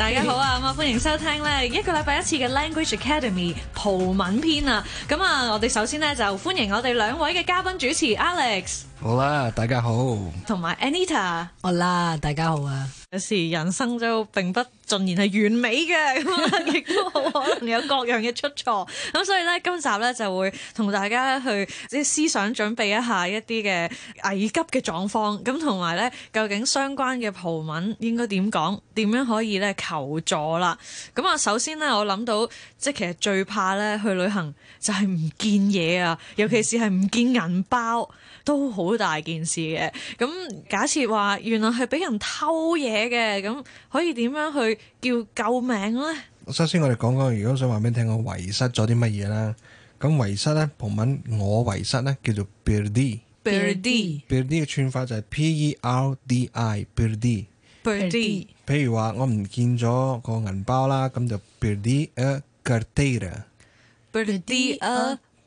大家好啊，咁啊，歡迎收聽呢一個禮拜一次嘅 Language Academy 葡文篇啊。咁啊，我哋首先呢就歡迎我哋兩位嘅嘉賓主持 Alex。好啦，大家好。同埋 Anita。好啦，大家好啊。有時人生就並不盡然係完美嘅，咁亦都好可能有各樣嘅出錯。咁 所以咧，今集咧就會同大家去即係思想準備一下一啲嘅危急嘅狀況，咁同埋咧究竟相關嘅葡文應該點講，點樣可以咧求助啦？咁啊，首先咧，我諗到即係其實最怕咧去旅行就係唔見嘢啊，尤其是係唔見銀包。嗯都好大件事嘅，咁、嗯、假設話原來係俾人偷嘢嘅，咁、嗯、可以點樣去叫救命咧？首先我哋講講，如果想話俾你聽我遺失咗啲乜嘢啦，咁遺失咧，葡文我遺失咧叫做 perdi，perdi。perdi 嘅串法就係 P-E-R-D-I，perdi。perdi。譬如話我唔見咗個銀包啦，咁就 perdi a carteira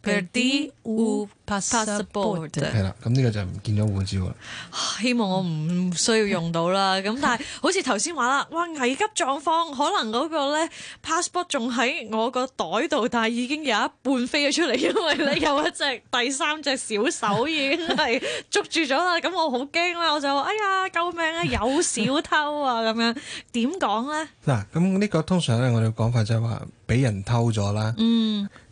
佢啲唔 passport，係啦，咁呢個就唔見咗護照啦。希望我唔需要用到啦。咁 但係好似頭先話啦，哇，危急狀況，可能嗰個咧 passport 仲喺我個袋度，但係已經有一半飛咗出嚟，因為你有一隻 第三隻小手已經係捉住咗啦。咁 我好驚啦，我就話哎呀救命啊，有小偷啊咁 樣，點講咧？嗱、啊，咁呢個通常咧，我哋講法是就係話俾人偷咗啦。嗯。嗯嗯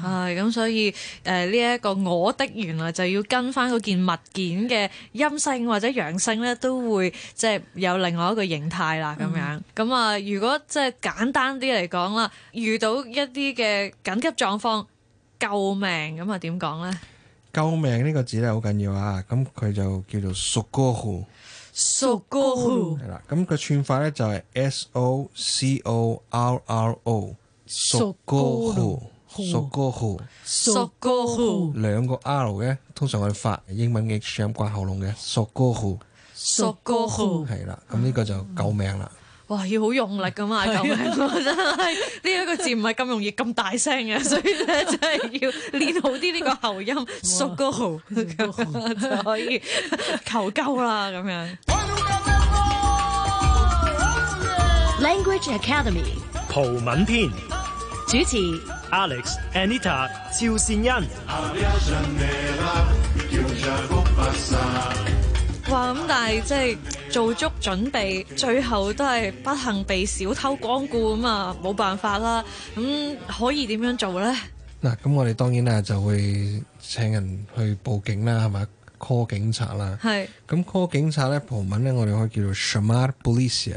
係咁，所以誒呢一個我的原來就要跟返嗰件物件嘅陰性或者陽性咧，都會即係有另外一個形態啦。咁樣咁啊，如果即係簡單啲嚟講啦，遇到一啲嘅緊急狀況救命咁啊，點講咧？救命呢個字咧好緊要啊！咁佢就叫做 socorrosocorro 係啦。咁個串法咧就係 S O C O R R Osocorro。索哥號，索哥號，兩個 R 呢，通常我哋發英文嘅長掛喉嚨嘅，索哥號，索哥號，係啦，咁呢個就救命啦！哇，要好用力㗎嘛，救命！真係呢一個字唔係咁容易咁大聲嘅，所以咧真係要練好啲呢個喉音，索哥號就可以求救啦！咁樣。Language Academy，葡文篇主持。Alex Anita、Anita、趙善恩。哇，咁但係即係做足準備，最後都係不幸被小偷光顧咁啊，冇辦法啦。咁可以點樣做咧？嗱、啊，咁我哋當然咧就會請人去報警啦，係咪 call 警察啦。係是。咁 call 警察咧，葡文咧，我哋可以叫做 Chamar polícia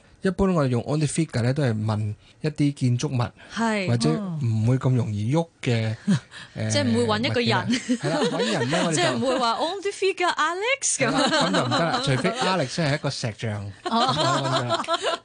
一般我哋用 only figure 咧，都係問一啲建築物，或者唔會咁容易喐嘅。即係唔會揾一個人。係啦，揾人咧我哋就唔會話 only figure Alex 咁。咁就唔得啦，除非 Alex 係一個石像。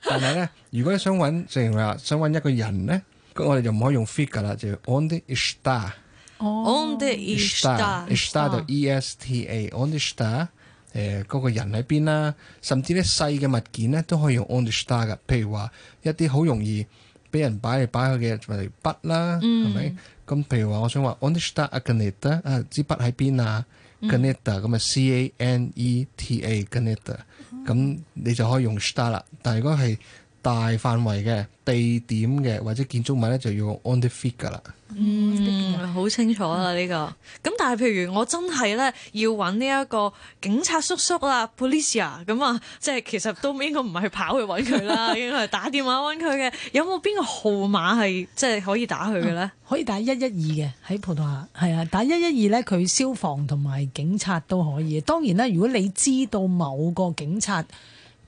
但係咧，如果你想揾，正如話，想揾一個人咧，咁我哋就唔可以用 figure 啦，就 only esta。哦。Only esta。Esta 就 E S T A。Only esta。r 誒嗰、呃那個人喺邊啦，甚至咧細嘅物件咧都可以用 on the star 噶。譬如話一啲好容易俾人擺嚟擺，擺去嘅，例如筆啦，係咪、嗯？咁譬如話，我想話 on the star a、啊啊嗯、caneta 啊支筆喺邊啊？caneta 咁啊 c-a-n-e-t-a caneta、嗯咁你就可以用 star 啦。但係如果係大範圍嘅地點嘅或者建築物咧，就要 on the feet 噶啦。嗯，好、嗯、清楚啦呢、嗯這個。咁但係譬如我真係咧要揾呢一個警察叔叔啦，police 啊，咁啊，即係其實都應該唔係跑去揾佢啦，應該係打電話揾佢嘅。有冇邊個號碼係即係可以打佢嘅咧？可以打一一二嘅，喺葡萄牙係啊，打一一二咧，佢消防同埋警察都可以。當然啦，如果你知道某個警察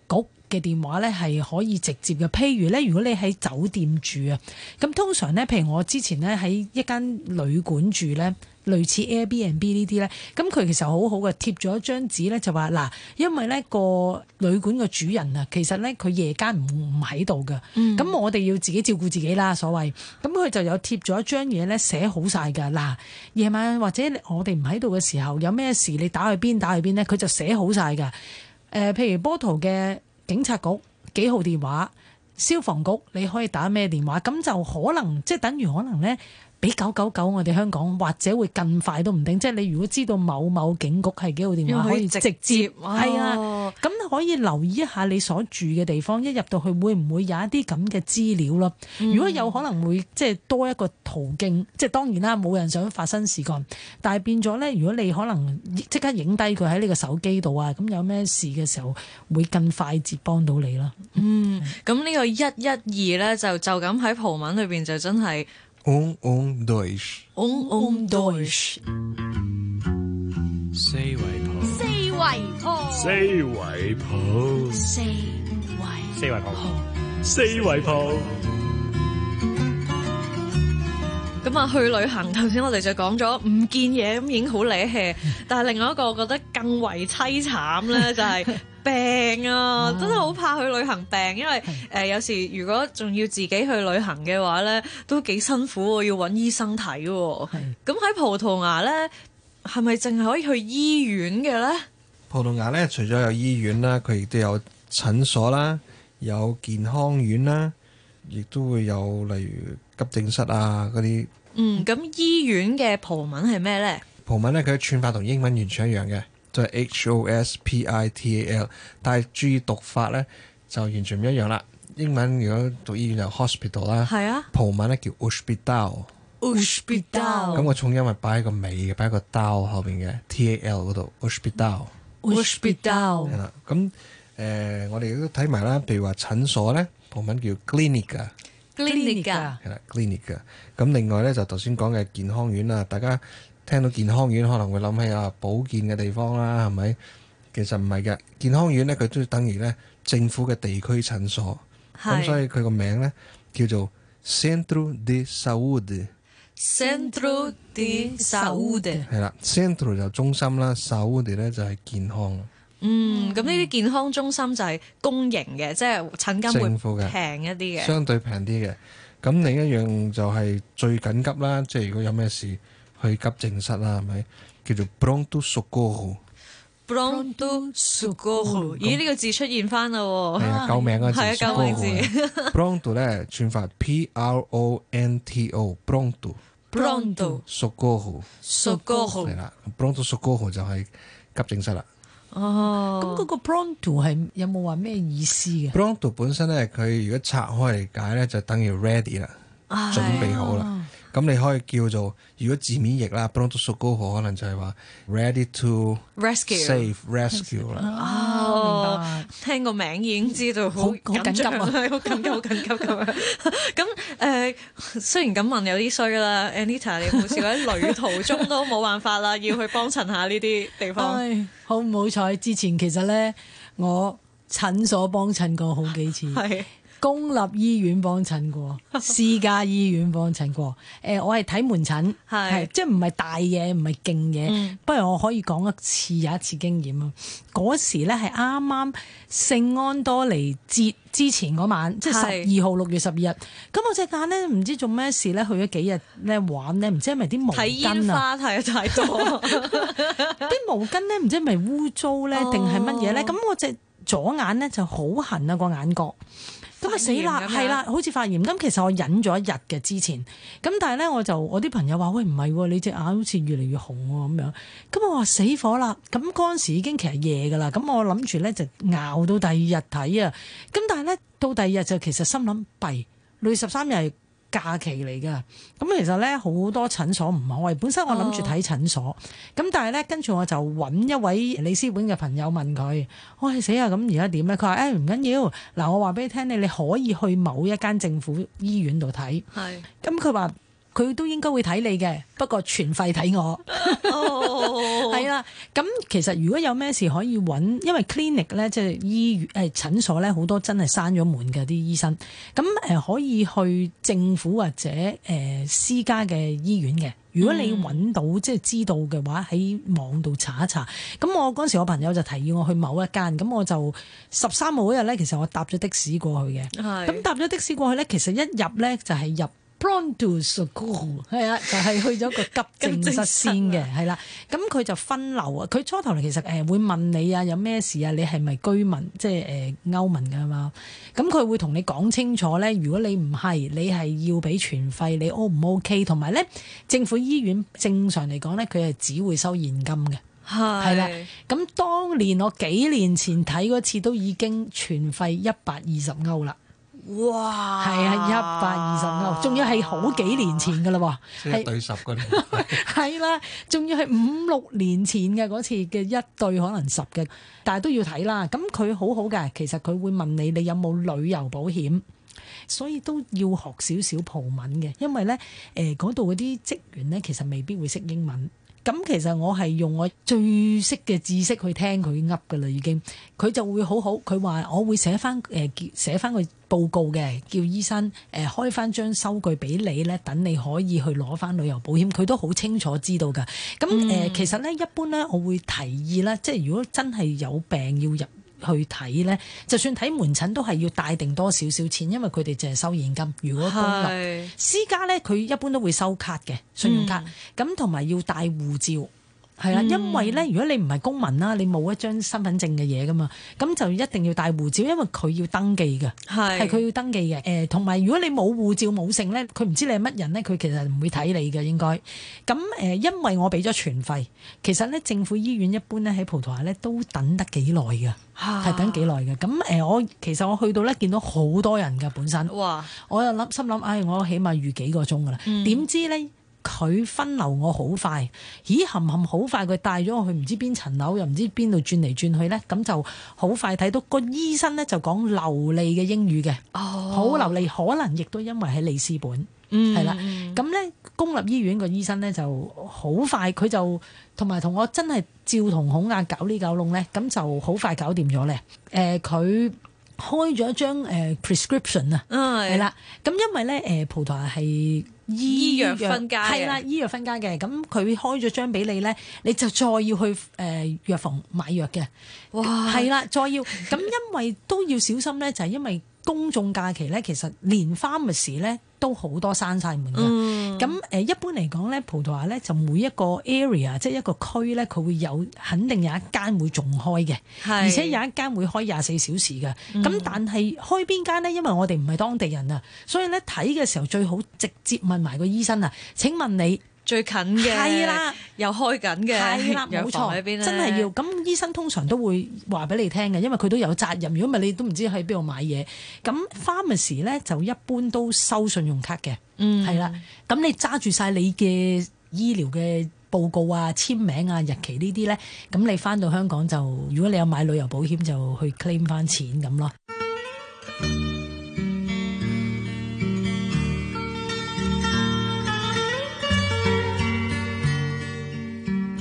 局，嘅電話咧係可以直接嘅。譬如咧，如果你喺酒店住啊，咁通常咧，譬如我之前咧喺一間旅館住咧，類似 Airbnb 呢啲咧，咁佢其實好好嘅，貼咗張紙咧就話嗱，因為呢個旅館嘅主人啊，其實咧佢夜間唔唔喺度㗎，咁、嗯、我哋要自己照顧自己啦，所謂。咁佢就有貼咗一張嘢咧寫好晒㗎。嗱，夜晚或者我哋唔喺度嘅時候有咩事，你打去邊打去邊咧，佢就寫好晒㗎。誒、呃，譬如波圖嘅。警察局幾號電話？消防局你可以打咩電話？咁就可能，即係等於可能呢。比九九九我哋香港或者會更快都唔定，即係你如果知道某某警局係幾號電話，可以直接係啊。咁、啊、可以留意一下你所住嘅地方，一入到去會唔會有一啲咁嘅資料咯？嗯、如果有可能會即係多一個途徑，即係當然啦，冇人想發生事幹，但係變咗呢，如果你可能即刻影低佢喺呢個手機度啊，咁有咩事嘅時候會更快捷幫到你咯。嗯，咁呢、嗯嗯、個一一二呢，就就咁喺葡文裏邊就真係。一、二 on ,、四， 四圍四圍鋪，四圍鋪，四圍，四圍四圍鋪。咁啊，去旅行。頭先我哋就講咗唔見嘢咁已經好咧氣， 但係另外一個我覺得更為淒慘咧，就係、是。病啊，啊真係好怕去旅行病，因為誒是、呃、有時如果仲要自己去旅行嘅話呢，都幾辛苦喎，要揾醫生睇喎、啊。咁喺是葡萄牙呢，係咪淨係可以去醫院嘅呢？葡萄牙呢，除咗有醫院啦，佢亦都有診所啦，有健康院啦，亦都會有例如急症室啊嗰啲。嗯，咁醫院嘅葡文係咩呢？葡文呢，佢嘅串法同英文完全一樣嘅。就係 H O S P I T A L，但係注意讀法咧就完全唔一樣啦。英文如果讀醫院就 hospital 啦，葡文咧叫 hospital。咁個重音咪擺喺個尾，嘅，擺喺個刀後邊嘅 T A L 嗰度，hospital 啦，咁誒、呃、我哋都睇埋啦，譬如話診所咧，葡文叫 clínica，clínica，係啦，clínica。咁另外咧就頭先講嘅健康院啦，大家。聽到健康院可能會諗起啊保健嘅地方啦、啊，係咪？其實唔係嘅，健康院咧佢都等於咧政府嘅地區診所，咁是所以佢個名咧叫做 Centro de Saúde。Centro d Saúde 係啦，Centre 就中心啦，Saúde 咧就係健康。嗯，咁呢啲健康中心就係公營嘅，即係診金嘅，平一啲嘅，相對平啲嘅。咁另一樣就係最緊急啦，即係如果有咩事。去急症室啦，係咪？叫做 pronto socorro，pronto socorro，咦？呢個字出現翻啦，係啊，救命個字 socorro，pronto 咧，全發 p r o n t o，pronto，pronto socorro，socorro，係啦，pronto socorro 就係急症室啦。哦，咁嗰個 pronto 係有冇話咩意思嘅？pronto 本身咧，佢如果拆開嚟解咧，就等於 ready 啦，準備好啦。咁你可以叫做，如果字面譯啦，不嬲都縮高可能就係話 ready to rescue，save rescue 啦。哦，聽個名已經知道好緊，緊急啊，好 緊急，好緊急咁樣。咁誒、嗯，雖然咁問有啲衰啦 ，Anita，你好似喺旅途中都冇辦法啦， 要去幫襯下呢啲地方。唉，好唔好彩？之前其實咧，我診所幫襯過好幾次。公立醫院幫襯過，私家醫院幫襯過。誒、呃，我係睇門診，係是即係唔係大嘢，唔係勁嘢，不過、嗯、我可以講一次有一次經驗啊。嗰時咧係啱啱聖安多尼節之前嗰晚，是即係十二號六月十二日。咁我隻眼咧唔知做咩事咧，去咗幾日咧玩咧，唔知係咪啲毛巾啊，睇煙花睇得太多。啲 毛巾咧唔知係咪污糟咧定係乜嘢咧？咁、哦、我隻左眼咧就好痕啊，個眼角。咁啊死啦，係啦，了好似發炎。咁其實我忍咗一日嘅之前，咁但係咧我就我啲朋友話：喂唔係，你隻眼好似越嚟越紅喎咁樣。咁我話死火啦。咁嗰陣時已經其實夜㗎啦。咁我諗住咧就熬到第二日睇啊。咁但係咧到第二日就其實心諗弊累十三日。假期嚟㗎，咁其實咧好多診所唔開。本身我諗住睇診所，咁、哦、但係咧跟住我就揾一位里斯本嘅朋友問佢：喂死啊！咁而家點咧？佢話：誒唔緊要，嗱、哎、我話俾你聽，你你可以去某一間政府醫院度睇。係是，咁佢話。佢都應該會睇你嘅，不過全費睇我。係 啦， 咁 其實如果有咩事可以揾，因為 clinic 咧即係醫院誒診所咧，好多真係閂咗門嘅啲醫生。咁誒可以去政府或者誒私家嘅醫院嘅。如果你揾到、嗯、即係知道嘅話，喺網度查一查。咁我嗰時我朋友就提議我去某一間，咁我就十三號嗰日咧，其實我搭咗的士過去嘅。咁搭咗的士過去咧，其實一入呢就係入。Pronto soccorso 係啊，就係、so、去咗個急症室先嘅，係啦、 啊。咁佢就分流啊。佢初頭其實誒會問你啊，有咩事啊？你係咪居民，即係誒、呃、歐盟㗎嘛？咁佢會同你講清楚咧。如果你唔係，你係要俾全費，你 O 唔 O K？同埋咧，政府醫院正常嚟講咧，佢係只會收現金嘅。係係啦。咁當年我幾年前睇嗰次都已經全費一百二十歐啦。哇，係啊，一百二十歐，仲要係好幾年前嘅啦喎，係哇是對十嗰啲、 啊，係啦，仲要係五六年前嘅嗰次嘅，一對可能十嘅，但係都要睇啦。咁佢好好嘅，其實佢會問你，你有冇旅遊保險，所以都要學少少葡文嘅，因為咧誒，嗰度嗰啲職員咧其實未必會識英文。咁其實我係用我最識嘅知識去聽佢噏㗎啦，已經佢就會好好。佢話我會寫翻誒寫翻個報告嘅，叫醫生誒、呃、開翻張收據俾你咧，等你可以去攞翻旅遊保險。佢都好清楚知道㗎。咁誒、呃，其實咧一般咧，我會提議咧，即係如果真係有病要入去睇呢，就算睇門診都係要帶定多少少錢，因為佢哋淨係收現金。如果公立是私家呢，佢一般都會收卡嘅信用卡，咁同埋要帶護照。係啦、啊，因為咧，如果你唔係公民啦，你冇一張身份證嘅嘢噶嘛，咁就一定要帶護照，因為佢要登記嘅，係佢是要登記嘅。誒、呃，同埋如果你冇護照冇證咧，佢唔知你係乜人咧，佢其實唔會睇你嘅應該。咁誒、呃，因為我俾咗全費，其實咧政府醫院一般咧喺葡萄牙咧都等得幾耐嘅，係、啊、等幾耐嘅。咁誒、呃，我其實我去到咧見到好多人㗎本身，哇嘩！我又諗心諗，唉、哎，我起碼預幾個鐘㗎啦，點、嗯、知咧？佢分流我好快，咦？含含好快佢帶咗我去唔知邊層樓，又唔知邊度轉嚟轉去咧，咁就好快睇到，個醫生咧就講流利嘅英語嘅，哦，好流利，可能亦都因為喺利斯本，嗯、mm.，係啦。咁咧公立醫院個醫生咧就好快，佢就同埋同我真係照瞳孔眼、啊、搞呢嚿窿咧，咁就好快搞掂咗咧。誒、呃，佢開咗張誒、呃、prescription 啊、mm.，係啦。咁因為咧誒、呃、葡萄牙係。醫藥分家係啦，醫藥分家嘅，咁佢開咗張俾你咧，你就再要去誒、呃、藥房買藥嘅。哇，係啦，再要咁， 因為都要小心咧，就係、是、因為公眾假期咧，其實連花咪事咧。都好多閂晒門嘅，咁誒、嗯、一般嚟講咧，葡萄牙咧就每一個 area 即係一個區咧，佢會有肯定有一間會仲開嘅，是而且有一間會開廿四小時嘅。咁、嗯、但係開邊間呢？因為我哋唔係當地人啊，所以咧睇嘅時候最好直接問埋個醫生啊。請問你？最近嘅係啦，係啦，又開緊嘅，係啦，冇錯，真係要。咁醫生通常都會話俾你聽嘅，因為佢都有責任。如果唔係，你都唔知喺邊度買嘢。咁 pharmacy 咧就一般都收信用卡嘅，係啦、嗯嗯。咁你揸住晒你嘅醫療嘅報告啊、簽名啊、日期呢啲咧，咁你翻到香港就，如果你有買旅遊保險就去 claim 翻錢咁咯。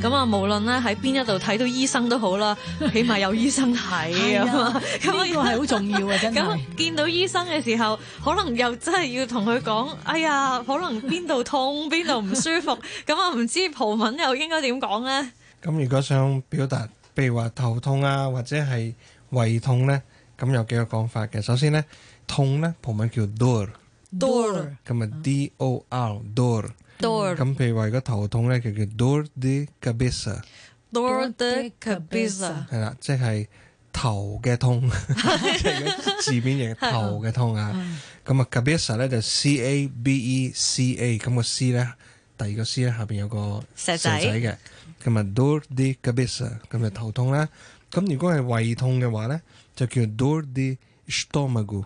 咁啊，無論咧喺邊一度睇到醫生都好啦，起碼有醫生睇啊嘛。呢個係好重要嘅，真係。咁見到醫生嘅時候，可能又真係要同佢講，哎呀，可能邊度痛，邊度唔舒服。咁啊，唔知葡文又應該點講咧？咁如果想表達，譬如話頭痛啊，或者係胃痛咧，咁有幾個講法嘅。首先咧，痛咧，葡文叫 dor，dor，咁啊，d o r，dor。咁譬如話如果頭痛咧，就叫 dor de cabeça，係啦，即係頭嘅痛，即係字面型頭嘅痛啊。咁啊，cabeça 咧就 c a b e c a，咁個 c 咧，第二個 c 咧，下邊有個石仔嘅，咁啊 dor de cabeça，咁就頭痛啦。咁如果係胃痛嘅話咧，就叫 dor de estômago。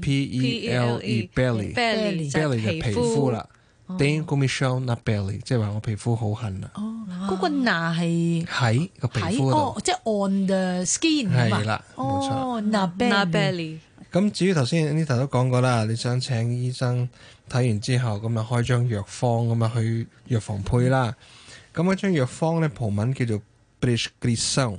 P.E.L.E.Belly，belly 就皮膚啦。Then Michelle，not belly，即係話我皮膚好痕啦。嗰個哪係喺個皮膚度，即係 on the skin 係啦。冇錯。咁至於頭先 Anita 都講過啦，你想請醫生睇完之後咁啊開張藥方咁啊去藥房配啦。咁啊張藥方咧葡文叫做 prescription。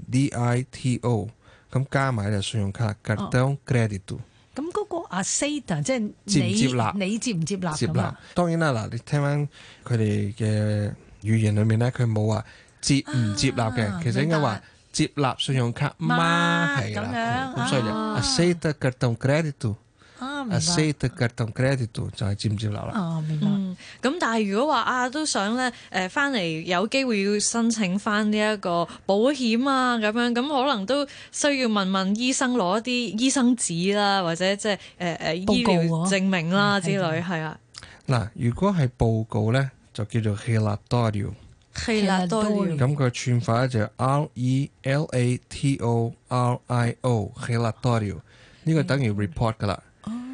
D I T O，咁加埋就信用卡卡頓 credit 咁嗰個 accept 即係接唔接納？你接唔接納？接納。當然啦，嗱你聽翻佢哋嘅語言裏面咧，佢冇話接唔接納嘅，啊、其實應該話、啊、接納信用卡嘛係啦。咁所以 accept 卡頓 credit。啊啊啊，safety 同 credit 度就係尖尖流啦。哦，明白。咁、啊嗯、但係如果話啊，都想咧，誒、呃，翻嚟有機會要申請翻呢一個保險啊，咁樣咁、嗯、可能都需要問問醫生攞一啲醫生紙啦，或者即係誒誒醫療證明啦、啊、之類係、嗯、啊。嗱，如果係報告咧，就叫做 relatorio atorio。relatorio。咁佢串法咧就 r e l a t o r i o relatorio、哦。呢個等於 report 噶啦。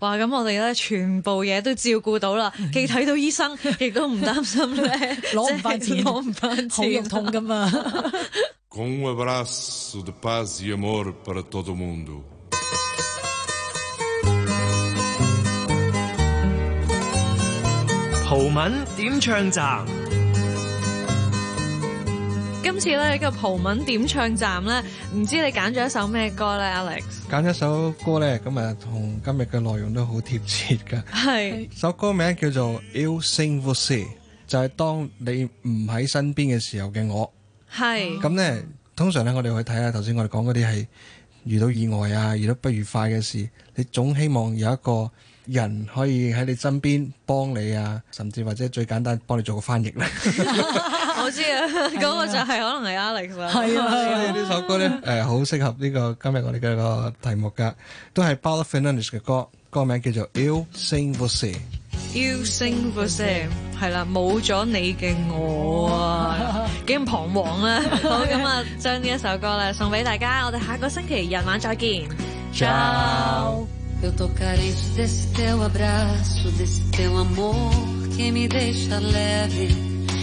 哇！咁我哋咧全部嘢都照顧到啦，嗯、既睇到醫生，亦都唔擔心咧攞唔翻錢，攞唔翻錢，好肉痛噶嘛！文點唱站。今次咧呢個葡文點唱站咧，唔知你揀咗一首咩歌咧，Alex？揀咗首歌咧，咁啊，同今日嘅內容都好貼切噶。係是。首歌名叫做《Eu Sem Você》，就係、是、當你唔喺身邊嘅時候嘅我。係是。咁咧、嗯，通常咧，我哋去睇下。頭先我哋講嗰啲係遇到意外啊，遇到不愉快嘅事，你總希望有一個人可以喺你身邊幫你啊，甚至或者最簡單幫你做個翻譯啦。 我知啊，嗰、那個就係可能係 Alex 啦。係啊、 嗯，所以呢首歌咧，誒、呃、好適合呢、這個今日我哋嘅個題目噶，都係 Paula Fernandes 嘅歌，歌名叫做《I'll sing, sing For Sam》。I'll Sing For Sam 係啦，冇咗你嘅我啊，幾咁 彷徨啊！ 好咁啊，將呢一首歌啦送俾大家，我哋下個星期日晚再見。Ciao